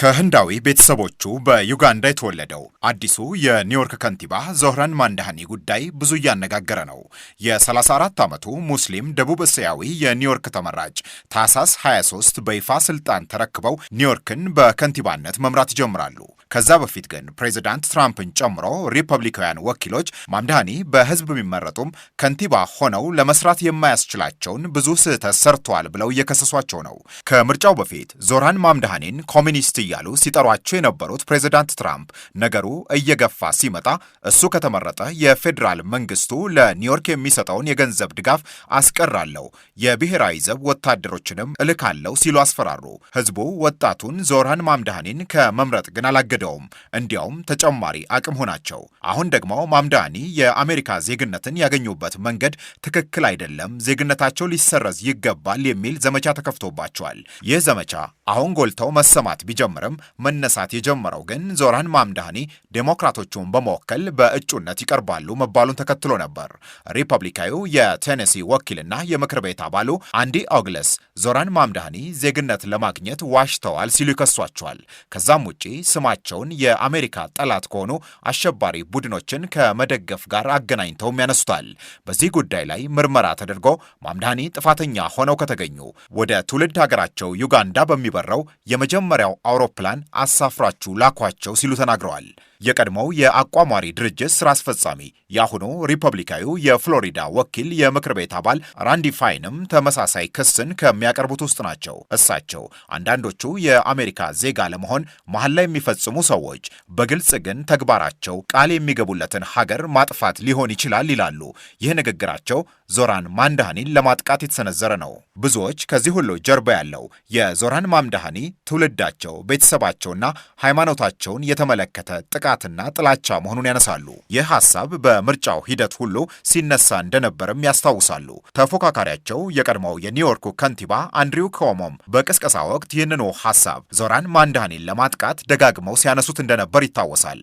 ከህንዳዊ ቤተሰቦቹ በዩጋንዳ የተወለደው አዲሱ የኒውዮርክ ከንቲባ ዞህረን ማንዳሃኒ ጉዳይ ብዙ እያነጋገረ ነው። የ34 ዓመቱ ሙስሊም ደቡብ እስያዊ የኒውዮርክ ተመራጭ ታህሳስ 23 በይፋ ስልጣን ተረክበው ኒውዮርክን በከንቲባነት መምራት ይጀምራሉ። ከዛ በፊት ግን ፕሬዚዳንት ትራምፕን ጨምሮ ሪፐብሊካውያን ወኪሎች ማምዳኒ በህዝብ ቢመረጡም ከንቲባ ሆነው ለመስራት የማያስችላቸውን ብዙ ስህተት ሰርተዋል ብለው እየከሰሷቸው ነው። ከምርጫው በፊት ዞራን ማምዳኒን ኮሚኒስት እያሉ ሲጠሯቸው የነበሩት ፕሬዚዳንት ትራምፕ ነገሩ እየገፋ ሲመጣ እሱ ከተመረጠ የፌዴራል መንግስቱ ለኒውዮርክ የሚሰጠውን የገንዘብ ድጋፍ አስቀራለሁ፣ የብሔራዊ ዘብ ወታደሮችንም እልካለሁ ሲሉ አስፈራሩ። ህዝቡ ወጣቱን ዞራን ማምዳኒን ከመምረጥ ግን አላገደ አይጎዳውም፣ እንዲያውም ተጨማሪ አቅም ሆናቸው። አሁን ደግሞ ማምዳኒ የአሜሪካ ዜግነትን ያገኙበት መንገድ ትክክል አይደለም፣ ዜግነታቸው ሊሰረዝ ይገባል የሚል ዘመቻ ተከፍቶባቸዋል። ይህ ዘመቻ አሁን ጎልተው መሰማት ቢጀምርም መነሳት የጀመረው ግን ዞራን ማምዳኒ ዴሞክራቶቹን በመወከል በእጩነት ይቀርባሉ መባሉን ተከትሎ ነበር። ሪፐብሊካዊው የቴኔሲ ወኪልና የምክር ቤት አባሉ አንዲ ኦግለስ ዞራን ማምዳኒ ዜግነት ለማግኘት ዋሽተዋል ሲሉ ይከሷቸዋል። ከዛም ውጪ ስማቸው ያላቸውን የአሜሪካ ጠላት ከሆኑ አሸባሪ ቡድኖችን ከመደገፍ ጋር አገናኝተውም ያነሱታል። በዚህ ጉዳይ ላይ ምርመራ ተደርጎ ማምዳኒ ጥፋተኛ ሆነው ከተገኙ ወደ ትውልድ ሀገራቸው ዩጋንዳ በሚበረው የመጀመሪያው አውሮፕላን አሳፍራችሁ ላኳቸው ሲሉ ተናግረዋል። የቀድሞው የአቋማሪ ድርጅት ስራ አስፈጻሚ የአሁኑ ሪፐብሊካዊ የፍሎሪዳ ወኪል የምክር ቤት አባል ራንዲ ፋይንም ተመሳሳይ ክስን ከሚያቀርቡት ውስጥ ናቸው። እሳቸው አንዳንዶቹ የአሜሪካ ዜጋ ለመሆን መሀል ላይ የሚፈጽሙ ሰዎች፣ በግልጽ ግን ተግባራቸው ቃል የሚገቡለትን ሀገር ማጥፋት ሊሆን ይችላል ይላሉ። ይህ ንግግራቸው ዞራን ማምዳኒን ለማጥቃት የተሰነዘረ ነው። ብዙዎች ከዚህ ሁሉ ጀርባ ያለው የዞራን ማምዳኒ ትውልዳቸው፣ ቤተሰባቸውና ሃይማኖታቸውን የተመለከተ ጥቃት ቅናትና ጥላቻ መሆኑን ያነሳሉ። ይህ ሀሳብ በምርጫው ሂደት ሁሉ ሲነሳ እንደነበርም ያስታውሳሉ። ተፎካካሪያቸው የቀድሞው የኒውዮርኩ ከንቲባ አንድሪው ኮሞም በቅስቀሳ ወቅት ይህንኑ ሀሳብ ዞራን ማንዳኒን ለማጥቃት ደጋግመው ሲያነሱት እንደነበር ይታወሳል።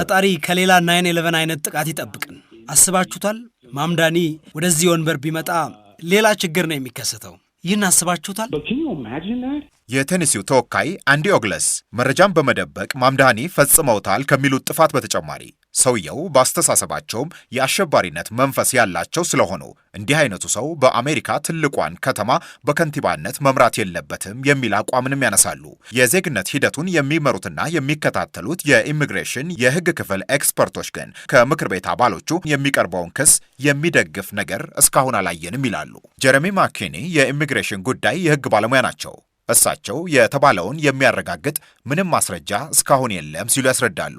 ፈጣሪ ከሌላ ናይን ኤለቨን አይነት ጥቃት ይጠብቅን። አስባችሁታል? ማምዳኒ ወደዚህ ወንበር ቢመጣ ሌላ ችግር ነው የሚከሰተው። ይህን አስባችሁታል? የቴኔሲው ተወካይ አንዲ ኦግለስ መረጃን በመደበቅ ማምዳኒ ፈጽመውታል ከሚሉት ጥፋት በተጨማሪ ሰውየው በአስተሳሰባቸውም የአሸባሪነት መንፈስ ያላቸው ስለሆኑ እንዲህ አይነቱ ሰው በአሜሪካ ትልቋን ከተማ በከንቲባነት መምራት የለበትም የሚል አቋምንም ያነሳሉ። የዜግነት ሂደቱን የሚመሩትና የሚከታተሉት የኢሚግሬሽን የሕግ ክፍል ኤክስፐርቶች ግን ከምክር ቤት አባሎቹ የሚቀርበውን ክስ የሚደግፍ ነገር እስካሁን አላየንም ይላሉ። ጀረሚ ማኪኒ የኢሚግሬሽን ጉዳይ የሕግ ባለሙያ ባለሙያ ናቸው። እሳቸው የተባለውን የሚያረጋግጥ ምንም ማስረጃ እስካሁን የለም ሲሉ ያስረዳሉ።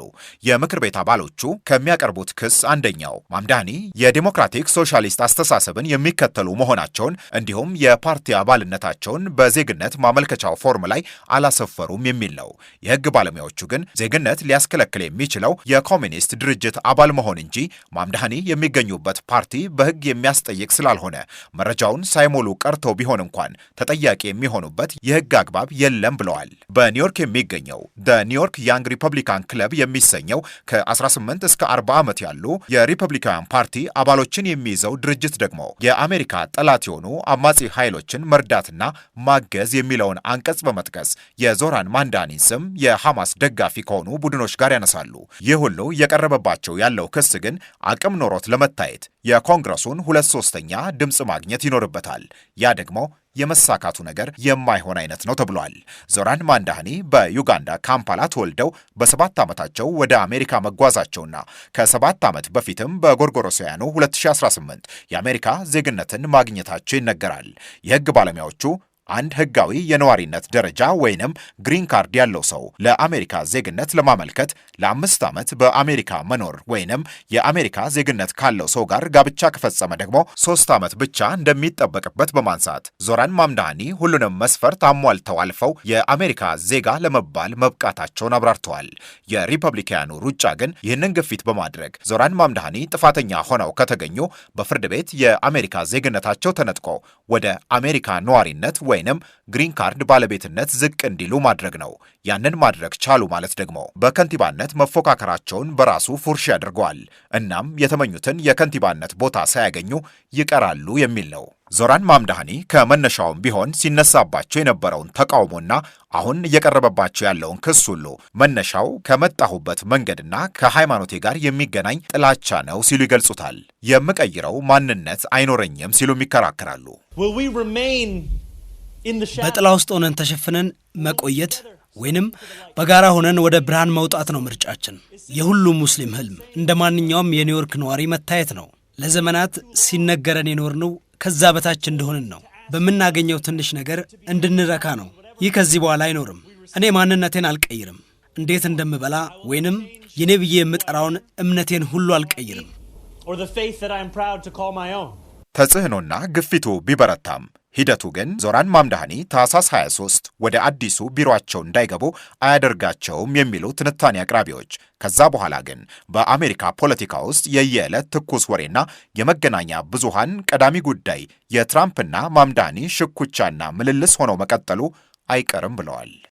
የምክር ቤት አባሎቹ ከሚያቀርቡት ክስ አንደኛው ማምዳኒ የዲሞክራቲክ ሶሻሊስት አስተሳሰብን የሚከተሉ መሆናቸውን እንዲሁም የፓርቲ አባልነታቸውን በዜግነት ማመልከቻው ፎርም ላይ አላሰፈሩም የሚል ነው። የህግ ባለሙያዎቹ ግን ዜግነት ሊያስከለክል የሚችለው የኮሚኒስት ድርጅት አባል መሆን እንጂ ማምዳኒ የሚገኙበት ፓርቲ በህግ የሚያስጠይቅ ስላልሆነ መረጃውን ሳይሞሉ ቀርተው ቢሆን እንኳን ተጠያቂ የሚሆኑበት የ የህግ አግባብ የለም ብለዋል። በኒውዮርክ የሚገኘው ደ ኒውዮርክ ያንግ ሪፐብሊካን ክለብ የሚሰኘው ከ18 እስከ 40 ዓመት ያሉ የሪፐብሊካውያን ፓርቲ አባሎችን የሚይዘው ድርጅት ደግሞ የአሜሪካ ጠላት የሆኑ አማጺ ኃይሎችን መርዳትና ማገዝ የሚለውን አንቀጽ በመጥቀስ የዞራን ማንዳኒን ስም የሐማስ ደጋፊ ከሆኑ ቡድኖች ጋር ያነሳሉ። ይህ ሁሉ የቀረበባቸው ያለው ክስ ግን አቅም ኖሮት ለመታየት የኮንግረሱን ሁለት ሶስተኛ ድምፅ ማግኘት ይኖርበታል። ያ ደግሞ የመሳካቱ ነገር የማይሆን አይነት ነው ተብሏል። ዞራን ማንዳህኒ በዩጋንዳ ካምፓላ ተወልደው በሰባት ዓመታቸው ወደ አሜሪካ መጓዛቸውና ከሰባት ዓመት በፊትም በጎርጎሮሳውያኑ 2018 የአሜሪካ ዜግነትን ማግኘታቸው ይነገራል። የህግ ባለሙያዎቹ አንድ ህጋዊ የነዋሪነት ደረጃ ወይንም ግሪን ካርድ ያለው ሰው ለአሜሪካ ዜግነት ለማመልከት ለአምስት ዓመት በአሜሪካ መኖር ወይንም የአሜሪካ ዜግነት ካለው ሰው ጋር ጋብቻ ከፈጸመ ደግሞ ሶስት ዓመት ብቻ እንደሚጠበቅበት በማንሳት ዞራን ማምዳኒ ሁሉንም መስፈርት አሟልተው አልፈው የአሜሪካ ዜጋ ለመባል መብቃታቸውን አብራርተዋል። የሪፐብሊካኑ ሩጫ ግን ይህንን ግፊት በማድረግ ዞራን ማምዳኒ ጥፋተኛ ሆነው ከተገኙ በፍርድ ቤት የአሜሪካ ዜግነታቸው ተነጥቆ ወደ አሜሪካ ነዋሪነት ወይ ወይንም ግሪን ካርድ ባለቤትነት ዝቅ እንዲሉ ማድረግ ነው። ያንን ማድረግ ቻሉ ማለት ደግሞ በከንቲባነት መፎካከራቸውን በራሱ ፉርሽ ያደርገዋል። እናም የተመኙትን የከንቲባነት ቦታ ሳያገኙ ይቀራሉ የሚል ነው። ዞራን ማምዳኒ ከመነሻውም ቢሆን ሲነሳባቸው የነበረውን ተቃውሞና አሁን እየቀረበባቸው ያለውን ክስ ሁሉ መነሻው ከመጣሁበት መንገድና ከሃይማኖቴ ጋር የሚገናኝ ጥላቻ ነው ሲሉ ይገልጹታል። የምቀይረው ማንነት አይኖረኝም ሲሉም ይከራከራሉ። በጥላ ውስጥ ሆነን ተሸፍነን መቆየት ወይንም በጋራ ሆነን ወደ ብርሃን መውጣት ነው ምርጫችን። የሁሉም ሙስሊም ህልም እንደ ማንኛውም የኒውዮርክ ነዋሪ መታየት ነው። ለዘመናት ሲነገረን የኖርነው ከዛ በታች እንደሆንን ነው። በምናገኘው ትንሽ ነገር እንድንረካ ነው። ይህ ከዚህ በኋላ አይኖርም። እኔ ማንነቴን አልቀይርም። እንዴት እንደምበላ ወይንም የኔ ብዬ የምጠራውን እምነቴን ሁሉ አልቀይርም። ተጽዕኖና ግፊቱ ቢበረታም ሂደቱ ግን ዞራን ማምዳኒ ታህሳስ 23 ወደ አዲሱ ቢሮቸው እንዳይገቡ አያደርጋቸውም የሚሉ ትንታኔ አቅራቢዎች፣ ከዛ በኋላ ግን በአሜሪካ ፖለቲካ ውስጥ የየዕለት ትኩስ ወሬና የመገናኛ ብዙሃን ቀዳሚ ጉዳይ የትራምፕና ማምዳኒ ሽኩቻና ምልልስ ሆነው መቀጠሉ አይቀርም ብለዋል።